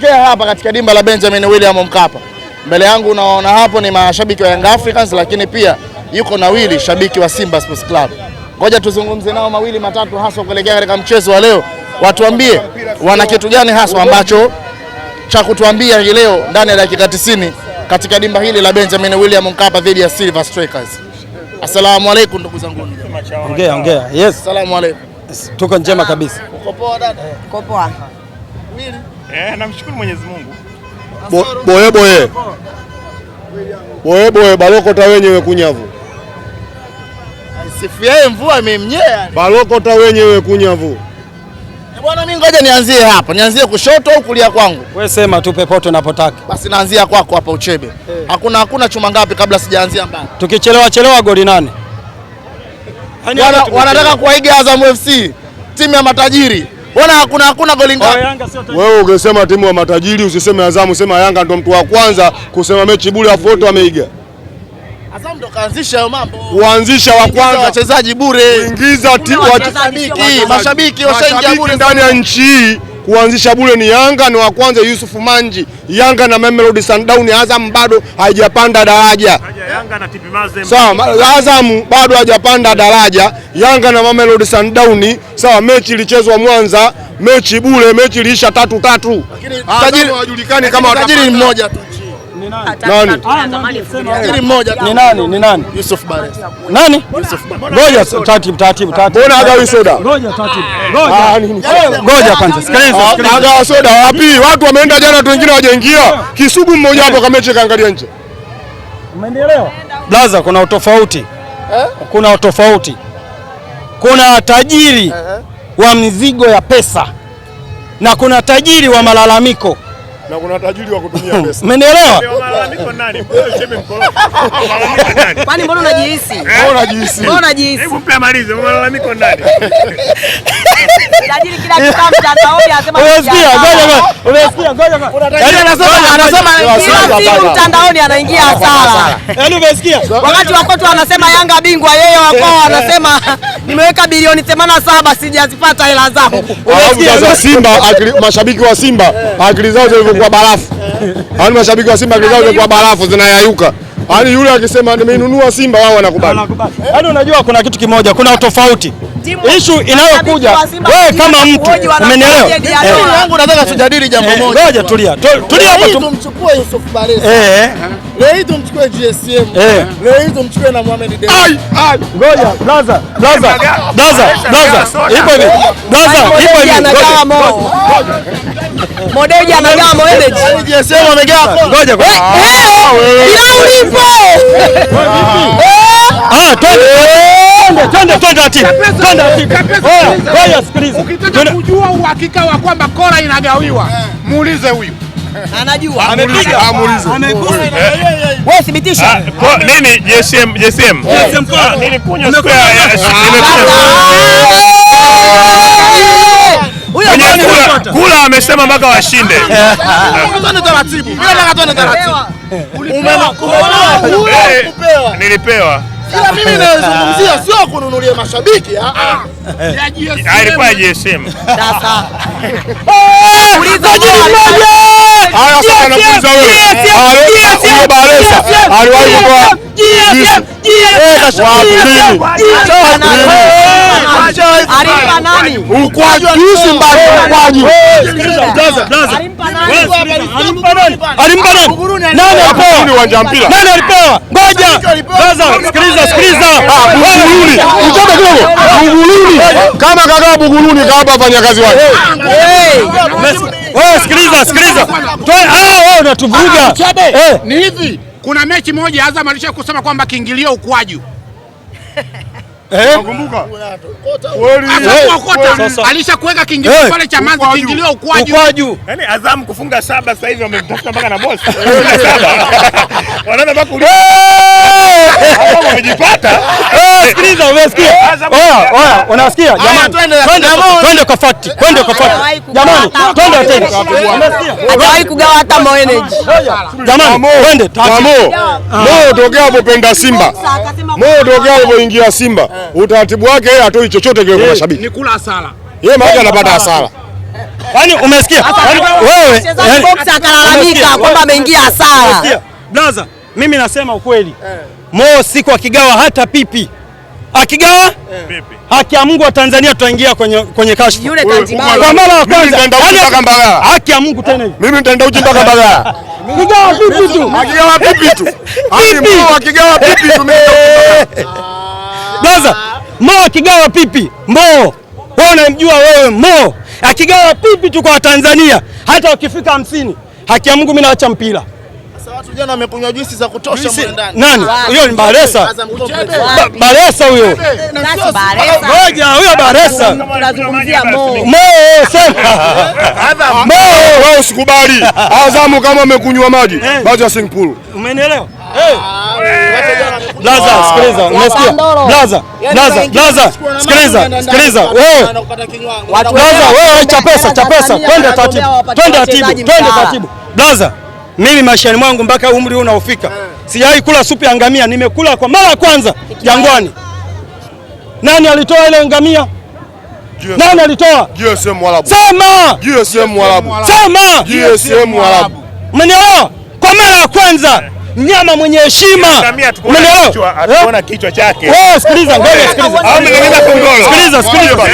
Tokea hapa katika dimba la Benjamin William Mkapa, mbele yangu unaona hapo ni mashabiki wa Young Africans, lakini pia yuko na wili shabiki wa Simba Sports Club. Ngoja tuzungumze nao mawili matatu, haswa kuelekea katika mchezo wa leo, watuambie wana kitu gani haswa ambacho cha kutuambia hii leo ndani ya dakika 90 katika dimba hili la Benjamin William Mkapa dhidi ya Silver Strikers. Asalamu alaykum ndugu zangu. Ongea ongea. Yes. Asalamu alaykum. Tuko njema kabisa. Uko poa dada? Uko poa. Eh, namshukuru Mwenyezi Mungu. Boye boye. Boye boye ta wenyewe kunyavu. Asifiwe mvua imemnyea. ta wenyewe kunyavu. Eh, bwana mimi ngoja nianzie hapa. Nianzie kushoto au kulia kwangu? Wewe sema tu popote unapotaka. Basi naanzia kwako hapa Uchebe. Eh. Hakuna hey. Hakuna chuma ngapi kabla sijaanzia mbali. Tukichelewa chelewa goli nane. Wana, wanataka kuwaiga Azam FC timu ya matajiri. Mbona hakuna hakuna goli ngapi? Oh, Wewe ukisema timu ya matajiri usiseme Azamu, sema Yanga ndio mtu wa kwanza kusema mechi bure afu wote wameiga. Azamu ndo kaanzisha hayo mambo. Kuanzisha wa kwanza wachezaji bure. Kuingiza timu mashabiki, mashabiki washaingia bure ndani ya nchi hii kuanzisha bure ni Yanga, ni wa kwanza Yusuf Manji. Yanga na Mamelodi Sundowns, Azam bado haijapanda daraja. Sawa, Azam bado hajapanda daraja. Yanga na Mamelodi Sundowns, sawa, mechi ilichezwa Mwanza, mechi bure, mechi iliisha tatu tatu, lakini tajiri hajulikani kama tajiri mmoja tu. Ngoja kwanza, ah, agawa soda wapi? Watu wameenda jana, watu wengine wajaingia. Kisugu mmoja hapo kameche kaangalia nje. Umeelewa? Blaza, kuna utofauti, eh? kuna utofauti, kuna tajiri eh, eh. wa mizigo ya pesa na kuna tajiri wa malalamiko na kuna tajiri wa kutumia hmm. pesa. Umeelewa? Kwani mbona unajihisi? Eh? Mbona unajihisi? Hebu mpe amalize, malalamiko nani? mtandaoni anaingia hasara. Yaani Wakati wakoto wanasema Yanga bingwa, yeye wako eh. anasema nimeweka bilioni 87 sijazipata hela zangu. Eh. Yaani? Simba eh. yaani mashabiki wa Simba akili zao zilivyokuwa barafu, yaani mashabiki wa Simba akili zao zilikuwa barafu zinayayuka. Yaani yule akisema nimeinunua Simba wao wanakubali. Yaani unajua kuna kitu kimoja, kuna tofauti Ishu inayokuja wewe kama mtu umenielewa? Eh, yangu nataka eh, tujadili jambo eh, moja. Ngoja tulia. Tulia hapa tumchukue Yusuf Baresa. Eh. Leo hii tumchukue GSM. Leo hii tumchukue na Mohamed Dewji. Ai ai. Ngoja, blaza, blaza. Blaza, blaza. Ipo hivi. Blaza, ipo hivi. Anagawa mo. Modeji anagawa mo GSM amegawa. Ngoja kwa. Bila ah, ulipo. Ah, twende. Twende twende twende ati. Twende ati. Oh, Wewe sikiliza. Ukitaka kujua uhakika wa kwamba kora inagawiwa, eh. muulize huyu. Anajua. Amepiga. Amegusa. Wewe thibitisha. Ah, kwa nini JSM JSM? JSM ah, kora. Ah, nilikunywa square. Huyo kula amesema mpaka washinde. Twende taratibu. Bila taratibu. Eh, nilipewa. Ila mimi nazungumzia sio kununulia mashabiki. Alikuwa JSM. Sasa. ukwaju. Nani alipewa? Ngoja sasa, sikiliza sikiliza, Buguruni mtoka kidogo, Buguruni kama kakaa Buguruni kaapa wafanyakazi wake wewe sikiliza, sikiliza, wewe unatuvuruga. Ni hivi, kuna mechi moja Azam kusema kwamba kiingilio ukwaju alishakuweka kiingilio pale cha manzi, kiingilio ukwaju. Yaani Azam kufunga saba sasa hivi wamemtafuta mpaka na boss. Wanaona mpaka wamejipata. Sikiliza, umesikia? Oya, unasikia? Jamani, twende kwa fact. Twende kwa fact. Jamani, twende tena. Hajawahi kugawa hata mo energy. Jamani, twende. Mo. Mo tokea hapo penda Simba. Mo tokea hapo ingia Simba. Eh. utaratibu wake yeye atoi chochote kile kwa eh, mashabiki. Ni kula hasara. Yeye maana anapata hasara. Kwani umesikia? Yaani, wewe yani box akalalamika kwamba ameingia hasara. Brother, mimi nasema ukweli. Eh. Mo siku akigawa hata pipi akigawa pipi, haki ya Mungu wa Tanzania tutaingia kwenye kwenye kashfa kwa mara ya kwanza. Haki ya Mungu tena hivi, mimi nitaenda uchi mpaka Mbagala. Kigawa pipi tu, akigawa pipi tu, akigawa pipi tu, tumeenda Sasa Mo akigawa pipi Mo, wewe unamjua wewe Mo akigawa pipi tu kwa Tanzania, hata wakifika hamsini, haki ya Mungu mimi naacha mpira. Sasa watu jana wamekunywa juisi za kutosha mle ndani. Nani? Huyo ni Baresa. Baresa huyo. Ngoja huyo Baresa. Tunazungumzia Mo. Mo sema. Mo wewe usikubali. Eh. Azamu kama amekunywa maji, eh. maji ya swimming pool. Umeelewa? Eh. Ah, Blaza, ah, sikiliza, unasikia? Blaza, blaza, blaza, sikiliza, sikiliza. Wewe blaza, wewe cha pesa, cha pesa, twende taratibu, twende taratibu, twende taratibu. Blaza, mimi maishani mwangu mpaka umri huu unaofika eh. sijawahi kula supu ya ngamia, nimekula kwa mara ya kwanza Jangwani. Nani alitoa ile ngamia? Nani alitoa? GSM Mwarabu. Sema! GSM Mwarabu. Sema! GSM Mwarabu. Mmenielewa? Kwa mara ya kwanza eh mnyama mwenye heshima. Umeelewa? Eh? kichwa chake. Wewe sikiliza, ngoja sikiliza. Sikiliza, sikiliza.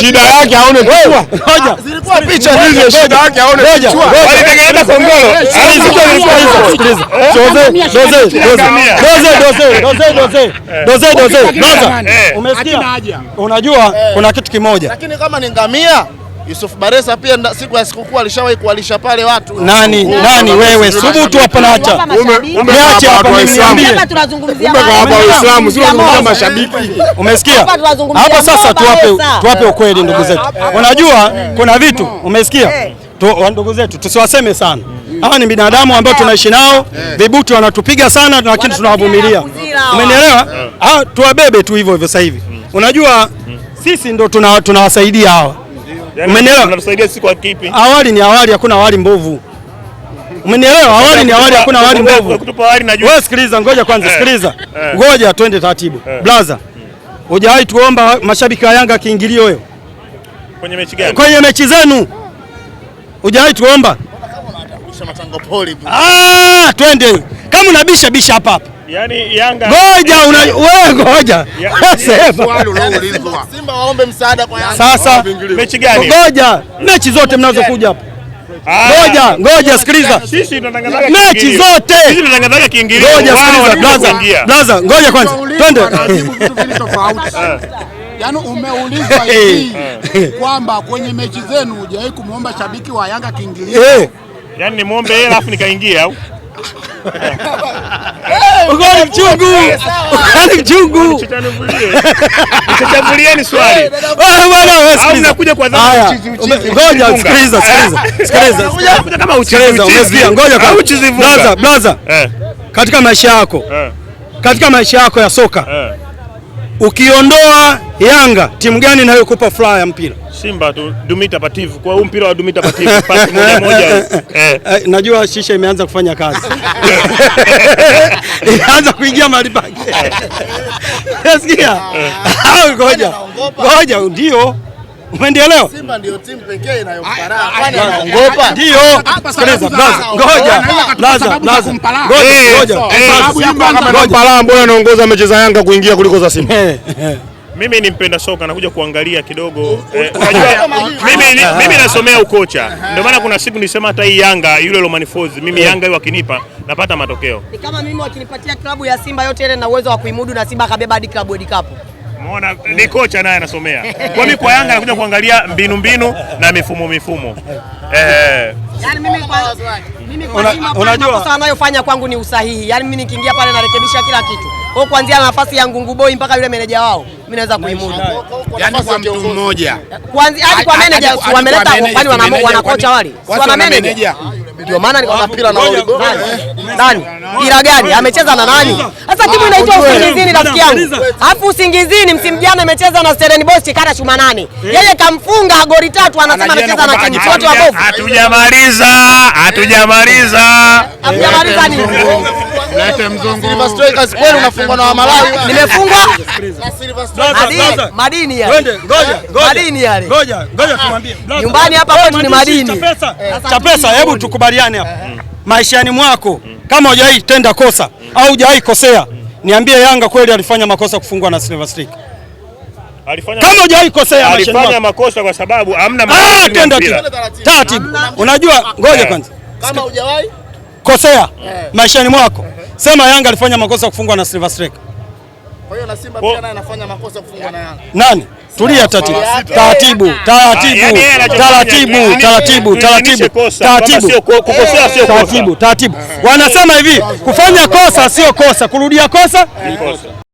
Shida yake haone kichwa. Ngoja. Ah, zilikuwa picha hizo, shida yake haone kichwa. kongolo. Sikiliza. Doze, doze, doze. Doze, doze, doze, doze. Doze, doze. Doze. Umesikia? Unajua eh. kuna kitu kimoja. Lakini kama ni ngamia Yusuf Baresa pia nda, siku ya sikukuu alishawahi kualisha pale watu. Nani nani wewe, subutu hapa na acha. Niache hapo Waislamu. Hapa tunazungumzia Waislamu, sio tunazungumzia mashabiki. Umesikia? Hapa sasa tuwape tuwape ukweli ndugu zetu. Unajua kuna vitu umesikia? Tu, Ndugu zetu tusiwaseme sana. Hmm. Hawa ni binadamu ambao tunaishi nao, vibutu wanatupiga sana, lakini tunawavumilia. Umenielewa? Ah, tuwabebe tu hivyo hivyo sasa hivi. Hmm. Unajua hmm. sisi ndo tunawasaidia hawa Yaani Umenielewa? Mnatusaidia sisi kwa kipi? Awali ni awali, hakuna awali mbovu. Umenielewa? Awali ni awali, hakuna awali mbovu. Wewe sikiliza, ngoja kwanza, eh, sikiliza, eh. ngoja twende taratibu. Eh. Blaza, hujawahi tuomba mashabiki wa Yanga kiingilio wewe kwenye mechi gani? Kwenye mechi zenu hujawahi tuomba? Ah, twende kama unabisha bisha hapa hapa Yaani Yanga ngoja yaani- una wewe ngoja Sema. Simba waombe msaada kwa Yanga. Sasa mechi gani? Ngoja mechi zote mnazokuja hapa ah. Ngoja, ngoja sikiliza. Sisi tunatangazaga mechi zote. Sisi tunatangazaga kiingilio. Ngoja sikiliza brother. Brother, ngoja kwanza. Twende. Eh. Yaani umeulizwa eh. hivi eh. kwamba kwenye mechi zenu hujawahi kumuomba shabiki wa Yanga kiingilio? Yaani nimuombe yeye alafu nikaingia au? Ugali mchungu. Ugali mchungu. swali. Ah, wewe bwana Unakuja kwa uchizi Ngoja sikiliza sikiliza. Ah, sikiliza. Ah, unakuja kama uchizi Ngoja kwa uchizi. Blaza blaza. Eh. Katika maisha yako. Eh. Katika maisha yako ya soka. Eh. Ukiondoa Yanga, timu gani inayokupa furaha ya mpira? Simba tu, Dumita Pativu. Kwa huu mpira wa Dumita Pativu pasi moja moja. Eh. Eh. eh. Najua shisha imeanza kufanya kazi imeanza kuingia mahali pake. Eh. Nasikia. Ngoja. Ngoja ndio Umeendelewa? Simba ndio timu pekee inayomparaa. Ndio. Sikiliza, ngoja. Laza, laza. Ngoja. Mbona anaongoza mechi za Yanga kuingia kuliko za Simba? Eh, eh. Mimi ni mpenda soka nakuja kuangalia kidogo. Mimi nasomea ukocha. Ndio maana kuna siku nilisema hata hii Yanga yule Roman Folz, mimi eh. Yanga hiyo akinipa napata matokeo. Ni kama mimi wakinipatia klabu ya Simba yote ile na uwezo wa kuimudu na Simba akabeba hadi klabu hadi kapo. Umeona ni kocha naye anasomea. Kwa mimi kwa Yanga anakuja kuangalia mbinu mbinu na mifumo mifumo. Eh. Yaani mimi kwa mimi kwa Simba makosa anayofanya kwangu ni usahihi. Yaani mimi nikiingia pale narekebisha kila kitu. Kwa kuanzia nafasi ya Ngungu Boy mpaka yule meneja wao mimi naweza kuimudu. Yaani, yaani kwa mtu mmoja. Kwanza hadi kwa meneja wameleta kwani wanakocha wale. Kwa meneja ndio maana nikaona pira na eh, nani pila gani amecheza na nani? Sasa timu ah, inaitwa Usingizini, rafiki yangu, alafu Usingizini msimu jana amecheza na Sterling Bosch kata chuma nane, eh. yeye kamfunga goli tatu, anasema anacheza na timu wote wabovu. Hatujamaliza, hatujamaliza, hatujamaliza nini? Mlete mzungu. Silver Strikers kweli unafungwa na Malawi. Nimefungwa. Madini, madini yale. Twende, ngoja, eh, ngoja. Madini yale. Ngoja, ngoja ah, tumwambie. Ah. Nyumbani hapa kwetu ni madini. Eh, Chapesa, hebu tukubaliane hapa. Eh, maishani mwako kama hujawahi tenda kosa au hujawahi kosea, niambie Yanga kweli alifanya makosa kufungwa na Silver Strikers? Kama hujawahi kosea, alifanya makosa kwa sababu hamna. maana. Ah, tenda taratibu. Unajua, ngoja kwanza. Kama hujawahi kukosea yeah. maishani mwako uh eh. -huh. Sema Yanga alifanya makosa ya kufungwa na Silver Strikers. Kwa hiyo na Simba pia naye anafanya makosa kufungwa na Yanga. Nani? Tulia tati. Taratibu, ah, ah, ah. taratibu, taratibu, taratibu, taratibu. Taratibu. Kukosea sio taratibu, taratibu. Eh. Wanasema hivi, eh. kufanya kosa sio kosa, kurudia kosa ni kosa.